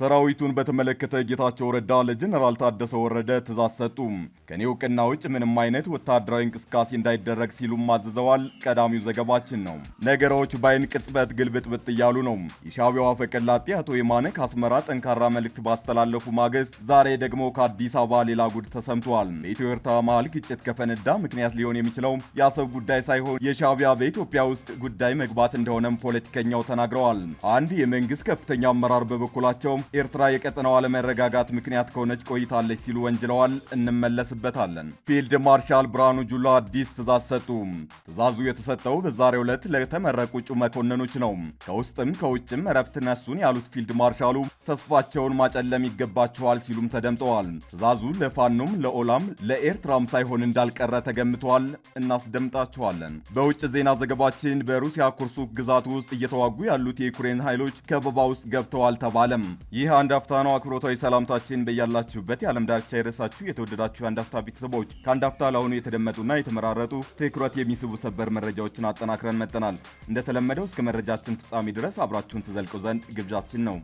ሰራዊቱን በተመለከተ ጌታቸው ረዳ ለጀነራል ታደሰ ወረደ ትእዛዝ ሰጡ። ከኔ እውቅና ውጭ ምንም አይነት ወታደራዊ እንቅስቃሴ እንዳይደረግ ሲሉም አዘዘዋል። ቀዳሚው ዘገባችን ነው። ነገሮች በአይን ቅጽበት ግልብጥብጥ እያሉ ነው። የሻቢያው አፈቀላጤ አቶ የማነ ከአስመራ ጠንካራ መልእክት ባስተላለፉ ማግስት ዛሬ ደግሞ ከአዲስ አበባ ሌላ ጉድ ተሰምቷል። በኢትዮ ኤርትራ መሃል ግጭት ከፈነዳ ምክንያት ሊሆን የሚችለው የአሰብ ጉዳይ ሳይሆን የሻቢያ በኢትዮጵያ ውስጥ ጉዳይ መግባት እንደሆነም ፖለቲከኛው ተናግረዋል። አንድ የመንግስት ከፍተኛ አመራር በበኩላቸው ኤርትራ የቀጠናው አለመረጋጋት ምክንያት ከሆነች ቆይታለች ሲሉ ወንጅለዋል። እንመለስበታለን። ፊልድ ማርሻል ብርሃኑ ጁላ አዲስ ትእዛዝ ሰጡ። ትእዛዙ የተሰጠው በዛሬው ዕለት ለተመረቁ እጩ መኮንኖች ነው። ከውስጥም ከውጭም እረፍት ነሱን ያሉት ፊልድ ማርሻሉ ተስፋቸውን ማጨለም ይገባቸዋል ሲሉም ተደምጠዋል። ትእዛዙ ለፋኖም ለኦላም ለኤርትራም ሳይሆን እንዳልቀረ ተገምተዋል። እናስደምጣቸዋለን። በውጭ ዜና ዘገባችን በሩሲያ ኩርሱክ ግዛት ውስጥ እየተዋጉ ያሉት የዩክሬን ኃይሎች ከበባ ውስጥ ገብተዋል ተባለም። ይህ አንድ አፍታ ነው። አክብሮታዊ ሰላምታችን በያላችሁበት የዓለም ዳርቻ የረሳችሁ የተወደዳችሁ የአንድ አፍታ ቤተሰቦች ከአንድ አፍታ ለአሁኑ የተደመጡና የተመራረጡ ትኩረት የሚስቡ ሰበር መረጃዎችን አጠናክረን መጠናል። እንደተለመደው እስከ መረጃችን ፍጻሜ ድረስ አብራችሁን ትዘልቁ ዘንድ ግብዣችን ነው።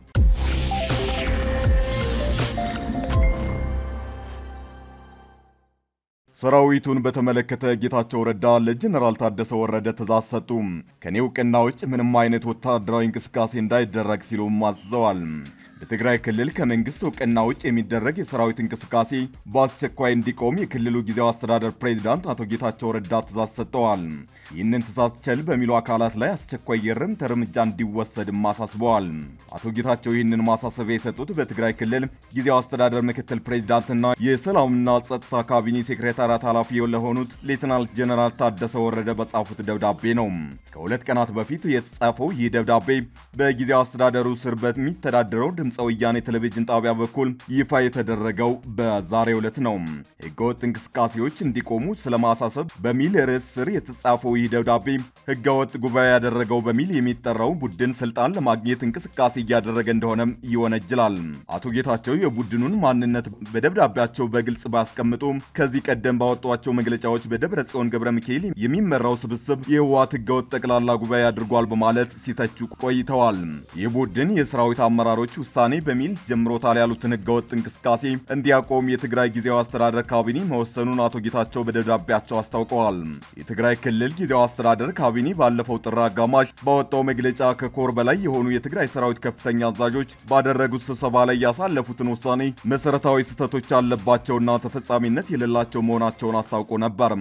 ሰራዊቱን በተመለከተ ጌታቸው ረዳ ለጀኔራል ታደሰ ወረደ ትእዛዝ ሰጡ። ከኔ እውቅና ውጭ ምንም አይነት ወታደራዊ እንቅስቃሴ እንዳይደረግ ሲሉም አዘዋል። በትግራይ ክልል ከመንግስት እውቅና ውጭ የሚደረግ የሰራዊት እንቅስቃሴ በአስቸኳይ እንዲቆም የክልሉ ጊዜያዊ አስተዳደር ፕሬዚዳንት አቶ ጌታቸው ረዳ ትእዛዝ ሰጥተዋል። ይህንን ትእዛዝ ቸል በሚሉ አካላት ላይ አስቸኳይ የእርምት እርምጃ እንዲወሰድም አሳስበዋል። አቶ ጌታቸው ይህንን ማሳሰቢያ የሰጡት በትግራይ ክልል ጊዜያዊ አስተዳደር ምክትል ፕሬዚዳንትና የሰላምና ጸጥታ ካቢኔ ሴክሬታሪያት ኃላፊ ለሆኑት ሌትናንት ጀነራል ታደሰ ወረደ በጻፉት ደብዳቤ ነው። ከሁለት ቀናት በፊት የተጻፈው ይህ ደብዳቤ በጊዜያዊ አስተዳደሩ ስር በሚተዳደረው ድምፀ ወያኔ ቴሌቪዥን ጣቢያ በኩል ይፋ የተደረገው በዛሬው ዕለት ነው። ህገወጥ እንቅስቃሴዎች እንዲቆሙ ስለማሳሰብ በሚል ርዕስ ስር የተጻፈው ይህ ደብዳቤ ህገወጥ ጉባኤ ያደረገው በሚል የሚጠራው ቡድን ስልጣን ለማግኘት እንቅስቃሴ እያደረገ እንደሆነም ይወነጅላል። አቶ ጌታቸው የቡድኑን ማንነት በደብዳቤያቸው በግልጽ ባያስቀምጡ ከዚህ ቀደም ባወጧቸው መግለጫዎች በደብረ ጽዮን ገብረ ሚካኤል የሚመራው ስብስብ የህወሓት ህገወጥ ጠቅላላ ጉባኤ አድርጓል በማለት ሲተቹ ቆይተዋል። ይህ ቡድን የሰራዊት አመራሮች ውሳ ውሳኔ በሚል ጀምሮታል ያሉትን ህገወጥ እንቅስቃሴ እንዲያቆም የትግራይ ጊዜያዊ አስተዳደር ካቢኔ መወሰኑን አቶ ጌታቸው በደብዳቤያቸው አስታውቀዋል። የትግራይ ክልል ጊዜያዊ አስተዳደር ካቢኔ ባለፈው ጥር አጋማሽ በወጣው መግለጫ ከኮር በላይ የሆኑ የትግራይ ሰራዊት ከፍተኛ አዛዦች ባደረጉት ስብሰባ ላይ ያሳለፉትን ውሳኔ መሰረታዊ ስህተቶች ያለባቸውና ተፈጻሚነት የሌላቸው መሆናቸውን አስታውቆ ነበር።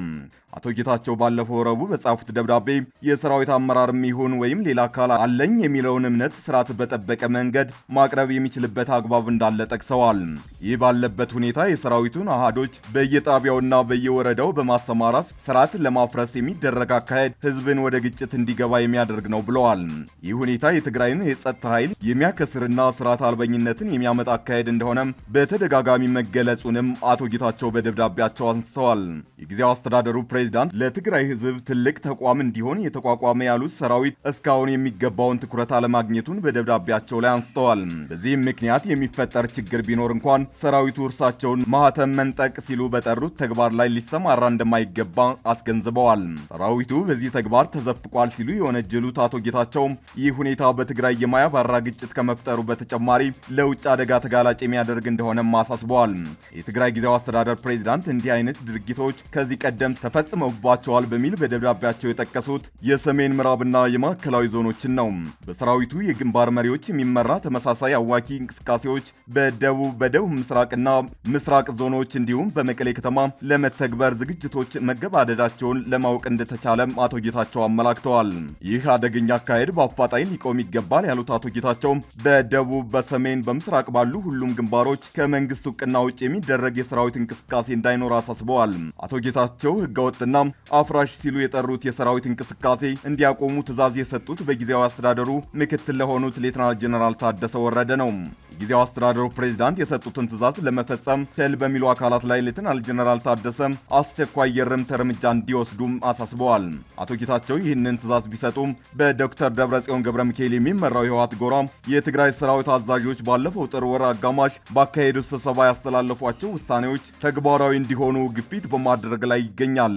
አቶ ጌታቸው ባለፈው ረቡዕ በጻፉት ደብዳቤ የሰራዊት አመራር የሚሆን ወይም ሌላ አካል አለኝ የሚለውን እምነት ስርዓት በጠበቀ መንገድ ማቅረብ የሚችልበት አግባብ እንዳለ ጠቅሰዋል። ይህ ባለበት ሁኔታ የሰራዊቱን አሃዶች በየጣቢያውና በየወረዳው በማሰማራት ስርዓት ለማፍረስ የሚደረግ አካሄድ ህዝብን ወደ ግጭት እንዲገባ የሚያደርግ ነው ብለዋል። ይህ ሁኔታ የትግራይን የጸጥታ ኃይል የሚያከስርና ስርዓት አልበኝነትን የሚያመጣ አካሄድ እንደሆነም በተደጋጋሚ መገለጹንም አቶ ጌታቸው በደብዳቤያቸው አንስተዋል። የጊዜው አስተዳደሩ ፕሬ ፕሬዚዳንት ለትግራይ ህዝብ ትልቅ ተቋም እንዲሆን የተቋቋመ ያሉት ሰራዊት እስካሁን የሚገባውን ትኩረት አለማግኘቱን በደብዳቤያቸው ላይ አንስተዋል። በዚህም ምክንያት የሚፈጠር ችግር ቢኖር እንኳን ሰራዊቱ እርሳቸውን ማህተም መንጠቅ ሲሉ በጠሩት ተግባር ላይ ሊሰማራ እንደማይገባ አስገንዝበዋል። ሰራዊቱ በዚህ ተግባር ተዘፍቋል ሲሉ የወነጀሉት አቶ ጌታቸውም ይህ ሁኔታ በትግራይ የማያባራ ግጭት ከመፍጠሩ በተጨማሪ ለውጭ አደጋ ተጋላጭ የሚያደርግ እንደሆነም አሳስበዋል። የትግራይ ጊዜያዊ አስተዳደር ፕሬዚዳንት እንዲህ አይነት ድርጊቶች ከዚህ ቀደም ተፈጽሞ ፈጽመውባቸዋል በሚል በደብዳቤያቸው የጠቀሱት የሰሜን ምዕራብና የማዕከላዊ ዞኖችን ነው። በሰራዊቱ የግንባር መሪዎች የሚመራ ተመሳሳይ አዋኪ እንቅስቃሴዎች በደቡብ በደቡብ ምስራቅና ምስራቅ ዞኖች እንዲሁም በመቀሌ ከተማ ለመተግበር ዝግጅቶች መገባደዳቸውን ለማወቅ እንደተቻለም አቶ ጌታቸው አመላክተዋል። ይህ አደገኛ አካሄድ በአፋጣኝ ሊቆም ይገባል ያሉት አቶ ጌታቸው በደቡብ በሰሜን በምስራቅ ባሉ ሁሉም ግንባሮች ከመንግስት እውቅና ውጭ የሚደረግ የሰራዊት እንቅስቃሴ እንዳይኖር አሳስበዋል። አቶ ጌታቸው ህገወጥ እና አፍራሽ ሲሉ የጠሩት የሰራዊት እንቅስቃሴ እንዲያቆሙ ትዕዛዝ የሰጡት በጊዜያዊ አስተዳደሩ ምክትል ለሆኑት ሌተናል ጀነራል ታደሰ ወረደ ነው። ጊዜው አስተዳደሩ ፕሬዚዳንት የሰጡትን ትእዛዝ ለመፈጸም ትል በሚሉ አካላት ላይ ሌተናል ጀነራል ታደሰ አስቸኳይ የእርምት እርምጃ እንዲወስዱም አሳስበዋል። አቶ ጌታቸው ይህንን ትእዛዝ ቢሰጡም በዶክተር ደብረጽዮን ገብረ ሚካኤል የሚመራው የህወሓት ጎራ የትግራይ ሰራዊት አዛዦች ባለፈው ጥር ወር አጋማሽ ባካሄዱት ስብሰባ ያስተላለፏቸው ውሳኔዎች ተግባራዊ እንዲሆኑ ግፊት በማድረግ ላይ ይገኛል።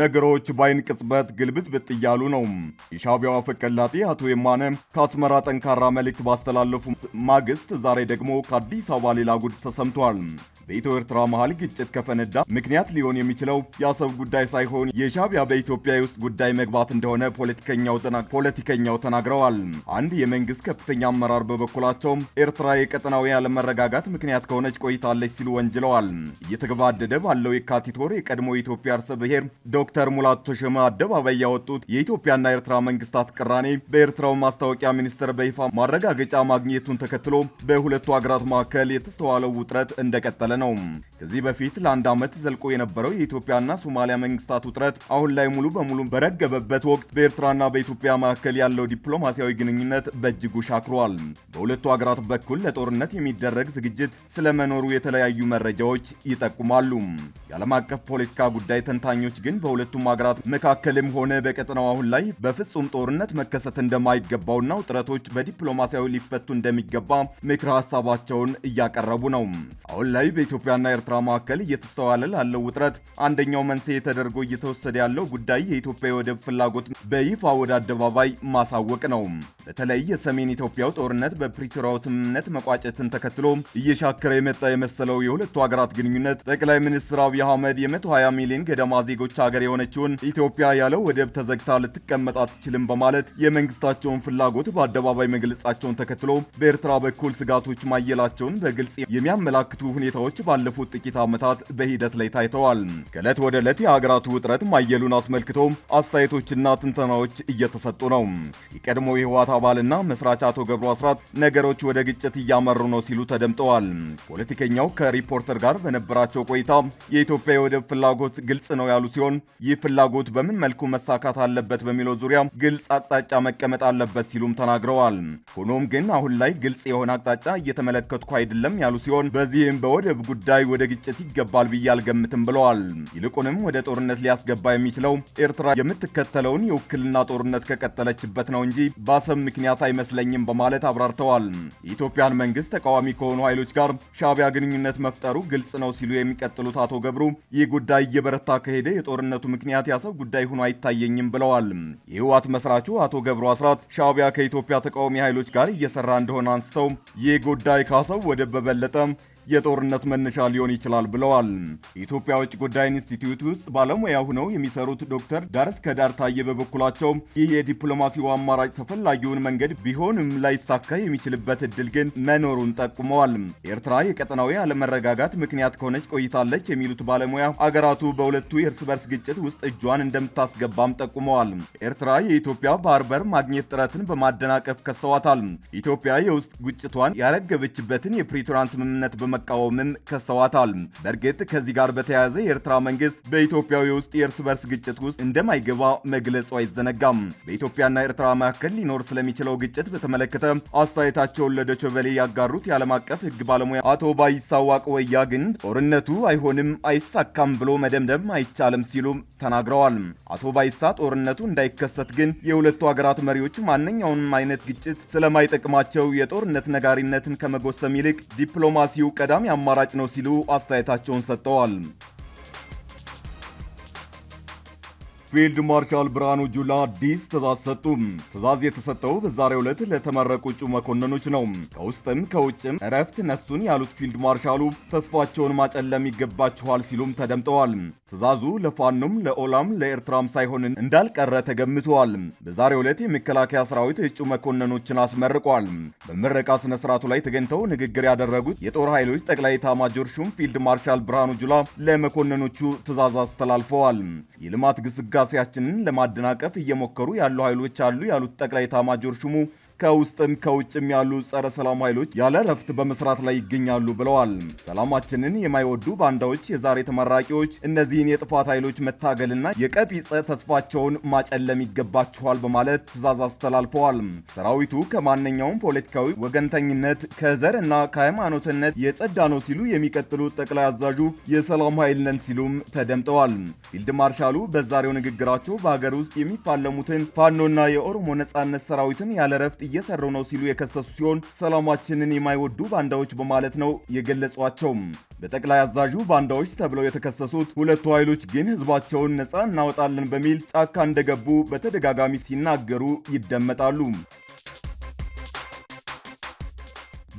ነገሮች በአይን ቅጽበት ብጥ እያሉ ነው። የሻቢያው አፈቀላጤ አቶ የማነ ከአስመራ ጠንካራ መልእክት ባስተላለፉ ማግስት ዛሬ ደግሞ ከአዲስ አበባ ሌላ ጉድ ተሰምቷል። በኢትዮ ኤርትራ መሀል ግጭት ከፈነዳ ምክንያት ሊሆን የሚችለው የአሰብ ጉዳይ ሳይሆን የሻቢያ በኢትዮጵያ የውስጥ ጉዳይ መግባት እንደሆነ ፖለቲከኛው ተናግረዋል። አንድ የመንግስት ከፍተኛ አመራር በበኩላቸው ኤርትራ የቀጠናዊ ያለመረጋጋት ምክንያት ከሆነች ቆይታለች ሲሉ ወንጅለዋል። እየተገባደደ ባለው የካቲት ወር የቀድሞ የኢትዮጵያ ርዕሰ ብሔር ዶክተር ሙላቱ ተሾመ አደባባይ ያወጡት የኢትዮጵያና ኤርትራ መንግስታት ቅራኔ በኤርትራው ማስታወቂያ ሚኒስትር በይፋ ማረጋገጫ ማግኘቱን ተከትሎ በሁለቱ ሀገራት መካከል የተስተዋለው ውጥረት እንደቀጠለ ነው። ከዚህ በፊት ለአንድ ዓመት ዘልቆ የነበረው የኢትዮጵያና ሶማሊያ መንግስታት ውጥረት አሁን ላይ ሙሉ በሙሉ በረገበበት ወቅት በኤርትራና በኢትዮጵያ መካከል ያለው ዲፕሎማሲያዊ ግንኙነት በእጅጉ ሻክሯል። በሁለቱ ሀገራት በኩል ለጦርነት የሚደረግ ዝግጅት ስለመኖሩ የተለያዩ መረጃዎች ይጠቁማሉ። የዓለም አቀፍ ፖለቲካ ጉዳይ ተንታኞች ግን በሁለቱም ሀገራት መካከልም ሆነ በቀጠናው አሁን ላይ በፍጹም ጦርነት መከሰት እንደማይገባውና ውጥረቶች በዲፕሎማሲያዊ ሊፈቱ እንደሚገባ ምክረ ሀሳባቸውን እያቀረቡ ነው። አሁን ላይ በኢትዮጵያና ኤርትራ መካከል እየተስተዋለ ላለው ውጥረት አንደኛው መንስኤ ተደርጎ እየተወሰደ ያለው ጉዳይ የኢትዮጵያ የወደብ ፍላጎት በይፋ ወደ አደባባይ ማሳወቅ ነው። በተለይ የሰሜን ኢትዮጵያው ጦርነት በፕሪቶሪያው ስምምነት መቋጨትን ተከትሎ እየሻከረ የመጣ የመሰለው የሁለቱ ሀገራት ግንኙነት ጠቅላይ ሚኒስትር አብይ አህመድ የ120 ሚሊዮን ገደማ ዜጎች ሀገር የሆነችውን ኢትዮጵያ ያለ ወደብ ተዘግታ ልትቀመጥ አትችልም በማለት የመንግስታቸውን ፍላጎት በአደባባይ መግለጻቸውን ተከትሎ በኤርትራ በኩል ስጋቶች ማየላቸውን በግልጽ የሚያመላክቱ ሁኔታዎች ሁኔታዎች ባለፉት ጥቂት ዓመታት በሂደት ላይ ታይተዋል። ከዕለት ወደ ዕለት የሀገራቱ ውጥረት ማየሉን አስመልክቶ አስተያየቶችና ትንተናዎች እየተሰጡ ነው። የቀድሞ የህወሓት አባልና መስራች አቶ ገብሩ አስራት ነገሮች ወደ ግጭት እያመሩ ነው ሲሉ ተደምጠዋል። ፖለቲከኛው ከሪፖርተር ጋር በነበራቸው ቆይታ የኢትዮጵያ የወደብ ፍላጎት ግልጽ ነው ያሉ ሲሆን ይህ ፍላጎት በምን መልኩ መሳካት አለበት በሚለው ዙሪያ ግልጽ አቅጣጫ መቀመጥ አለበት ሲሉም ተናግረዋል። ሆኖም ግን አሁን ላይ ግልጽ የሆነ አቅጣጫ እየተመለከትኩ አይደለም ያሉ ሲሆን በዚህም በወደብ ጉዳይ ወደ ግጭት ይገባል ብዬ አልገምትም ብለዋል። ይልቁንም ወደ ጦርነት ሊያስገባ የሚችለው ኤርትራ የምትከተለውን የውክልና ጦርነት ከቀጠለችበት ነው እንጂ በአሰብ ምክንያት አይመስለኝም በማለት አብራርተዋል። የኢትዮጵያን መንግስት ተቃዋሚ ከሆኑ ኃይሎች ጋር ሻቢያ ግንኙነት መፍጠሩ ግልጽ ነው ሲሉ የሚቀጥሉት አቶ ገብሩ ይህ ጉዳይ እየበረታ ከሄደ የጦርነቱ ምክንያት የአሰብ ጉዳይ ሆኖ አይታየኝም ብለዋል። የህወሓት መስራቹ አቶ ገብሩ አስራት ሻቢያ ከኢትዮጵያ ተቃዋሚ ኃይሎች ጋር እየሰራ እንደሆነ አንስተው ይህ ጉዳይ ካሰብ ወደ በበለጠ የጦርነት መነሻ ሊሆን ይችላል ብለዋል። የኢትዮጵያ ውጭ ጉዳይ ኢንስቲትዩት ውስጥ ባለሙያ ሆነው የሚሰሩት ዶክተር ዳርስ ከዳር ታየ በበኩላቸው ይህ የዲፕሎማሲው አማራጭ ተፈላጊውን መንገድ ቢሆንም ላይሳካ የሚችልበት እድል ግን መኖሩን ጠቁመዋል። ኤርትራ የቀጠናዊ አለመረጋጋት ምክንያት ከሆነች ቆይታለች የሚሉት ባለሙያ አገራቱ በሁለቱ የእርስ በርስ ግጭት ውስጥ እጇን እንደምታስገባም ጠቁመዋል። ኤርትራ የኢትዮጵያ ባህር በር ማግኘት ጥረትን በማደናቀፍ ከሰዋታል። ኢትዮጵያ የውስጥ ግጭቷን ያረገበችበትን የፕሪቶራን ስምምነት በመ መቃወምም ከሰዋታል። በእርግጥ ከዚህ ጋር በተያያዘ የኤርትራ መንግስት በኢትዮጵያ ውስጥ የእርስ በርስ ግጭት ውስጥ እንደማይገባ መግለጹ አይዘነጋም። በኢትዮጵያና ኤርትራ መካከል ሊኖር ስለሚችለው ግጭት በተመለከተ አስተያየታቸውን ለዶይቼ ቬለ ያጋሩት የዓለም አቀፍ ህግ ባለሙያ አቶ ባይሳዋቅ ወያ ግን ጦርነቱ አይሆንም አይሳካም ብሎ መደምደም አይቻልም ሲሉ ተናግረዋል። አቶ ባይሳ ጦርነቱ እንዳይከሰት ግን የሁለቱ ሀገራት መሪዎች ማንኛውንም አይነት ግጭት ስለማይጠቅማቸው የጦርነት ነጋሪነትን ከመጎሰም ይልቅ ዲፕሎማሲው ቀ ቀዳሚ አማራጭ ነው ሲሉ አስተያየታቸውን ሰጥተዋል። ፊልድ ማርሻል ብርሃኑ ጁላ አዲስ ትእዛዝ ሰጡ። ትእዛዝ የተሰጠው በዛሬው ዕለት ለተመረቁ እጩ መኮንኖች ነው። ከውስጥም ከውጭም እረፍት ነሱን ያሉት ፊልድ ማርሻሉ ተስፋቸውን ማጨለም ይገባችኋል ሲሉም ተደምጠዋል። ትእዛዙ ለፋኖም ለኦላም ለኤርትራም ሳይሆን እንዳልቀረ ተገምተዋል። በዛሬው ዕለት የመከላከያ ሰራዊት እጩ መኮንኖችን አስመርቋል። በምረቃ ስነ ስርዓቱ ላይ ተገኝተው ንግግር ያደረጉት የጦር ኃይሎች ጠቅላይ ኤታማዦር ሹም ፊልድ ማርሻል ብርሃኑ ጁላ ለመኮንኖቹ ትእዛዝ አስተላልፈዋል። የልማት ግስጋሴያችንን ለማደናቀፍ እየሞከሩ ያሉ ኃይሎች አሉ ያሉት ጠቅላይ ኤታማዦር ሹሙ ከውስጥም ከውጭም ያሉ ጸረ ሰላም ኃይሎች ያለ ረፍት በመስራት ላይ ይገኛሉ ብለዋል። ሰላማችንን የማይወዱ ባንዳዎች የዛሬ ተመራቂዎች እነዚህን የጥፋት ኃይሎች መታገልና የቀቢጸ ተስፋቸውን ማጨለም ይገባችኋል በማለት ትዕዛዝ አስተላልፈዋል። ሰራዊቱ ከማንኛውም ፖለቲካዊ ወገንተኝነት ከዘር እና ከሃይማኖትነት የጸዳ ነው ሲሉ የሚቀጥሉት ጠቅላይ አዛዡ የሰላም ኃይል ነን ሲሉም ተደምጠዋል። ፊልድ ማርሻሉ በዛሬው ንግግራቸው በሀገር ውስጥ የሚፋለሙትን ፋኖና የኦሮሞ ነጻነት ሰራዊትን ያለ ረፍት እየሰሩ ነው ሲሉ የከሰሱ ሲሆን ሰላማችንን የማይወዱ ባንዳዎች በማለት ነው የገለጿቸው። በጠቅላይ አዛዡ ባንዳዎች ተብለው የተከሰሱት ሁለቱ ኃይሎች ግን ህዝባቸውን ነፃ እናወጣለን በሚል ጫካ እንደገቡ በተደጋጋሚ ሲናገሩ ይደመጣሉ።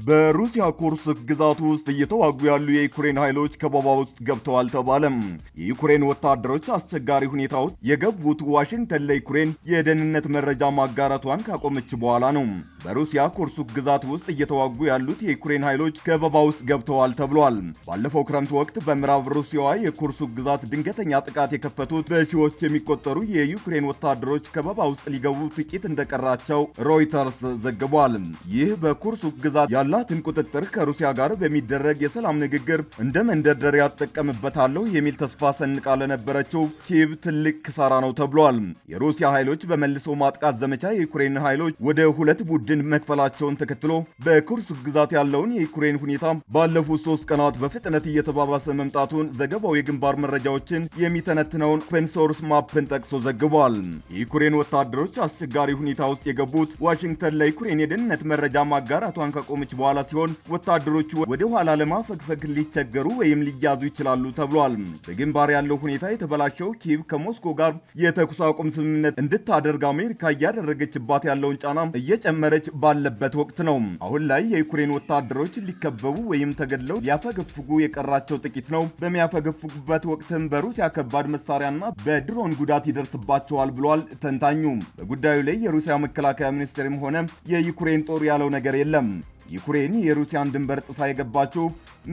በሩሲያ ኩርስክ ግዛት ውስጥ እየተዋጉ ያሉ የዩክሬን ኃይሎች ከበባ ውስጥ ገብተዋል ተባለም። የዩክሬን ወታደሮች አስቸጋሪ ሁኔታ ውስጥ የገቡት ዋሽንግተን ለዩክሬን የደህንነት መረጃ ማጋራቷን ካቆመች በኋላ ነው። በሩሲያ ኩርሱክ ግዛት ውስጥ እየተዋጉ ያሉት የዩክሬን ኃይሎች ከበባ ውስጥ ገብተዋል ተብሏል። ባለፈው ክረምት ወቅት በምዕራብ ሩሲያዋ የኩርሱክ ግዛት ድንገተኛ ጥቃት የከፈቱት በሺዎች የሚቆጠሩ የዩክሬን ወታደሮች ከበባ ውስጥ ሊገቡ ጥቂት እንደቀራቸው ሮይተርስ ዘግቧል። ይህ በኩርሱክ ግዛት ያለ ያላትን ቁጥጥር ከሩሲያ ጋር በሚደረግ የሰላም ንግግር እንደ መንደርደሪያ ያጠቀምበታለሁ የሚል ተስፋ ሰንቃ ለነበረችው ኪየቭ ትልቅ ክሳራ ነው ተብሏል። የሩሲያ ኃይሎች በመልሶ ማጥቃት ዘመቻ የዩክሬን ኃይሎች ወደ ሁለት ቡድን መክፈላቸውን ተከትሎ በኩርስ ግዛት ያለውን የዩክሬን ሁኔታ ባለፉት ሶስት ቀናት በፍጥነት እየተባባሰ መምጣቱን ዘገባው የግንባር መረጃዎችን የሚተነትነውን ኦፕን ማፕን ጠቅሶ ዘግቧል። የዩክሬን ወታደሮች አስቸጋሪ ሁኔታ ውስጥ የገቡት ዋሽንግተን ለዩክሬን የደህንነት መረጃ ማጋራቷን ከቆመች በኋላ በኋላ ሲሆን ወታደሮቹ ወደ ኋላ ለማፈግፈግ ሊቸገሩ ወይም ሊያዙ ይችላሉ ተብሏል። በግንባር ያለው ሁኔታ የተበላሸው ኪቭ ከሞስኮ ጋር የተኩስ አቁም ስምምነት እንድታደርግ አሜሪካ እያደረገችባት ያለውን ጫና እየጨመረች ባለበት ወቅት ነው። አሁን ላይ የዩክሬን ወታደሮች ሊከበቡ ወይም ተገድለው ሊያፈገፍጉ የቀራቸው ጥቂት ነው። በሚያፈገፍጉበት ወቅትም በሩሲያ ከባድ መሳሪያና በድሮን ጉዳት ይደርስባቸዋል ብሏል ተንታኙ። በጉዳዩ ላይ የሩሲያ መከላከያ ሚኒስቴርም ሆነ የዩክሬን ጦር ያለው ነገር የለም። ዩክሬን የሩሲያን ድንበር ጥሳ የገባችው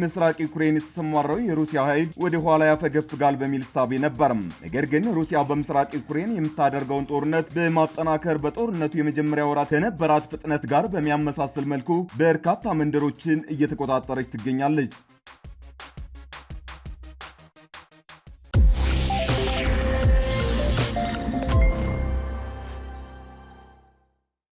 ምስራቅ ዩክሬን የተሰማራው የሩሲያ ኃይል ወደ ኋላ ያፈገፍጋል በሚል ሳቤ ነበር። ነገር ግን ሩሲያ በምስራቅ ዩክሬን የምታደርገውን ጦርነት በማጠናከር በጦርነቱ የመጀመሪያ ወራት ከነበራት ፍጥነት ጋር በሚያመሳስል መልኩ በርካታ መንደሮችን እየተቆጣጠረች ትገኛለች።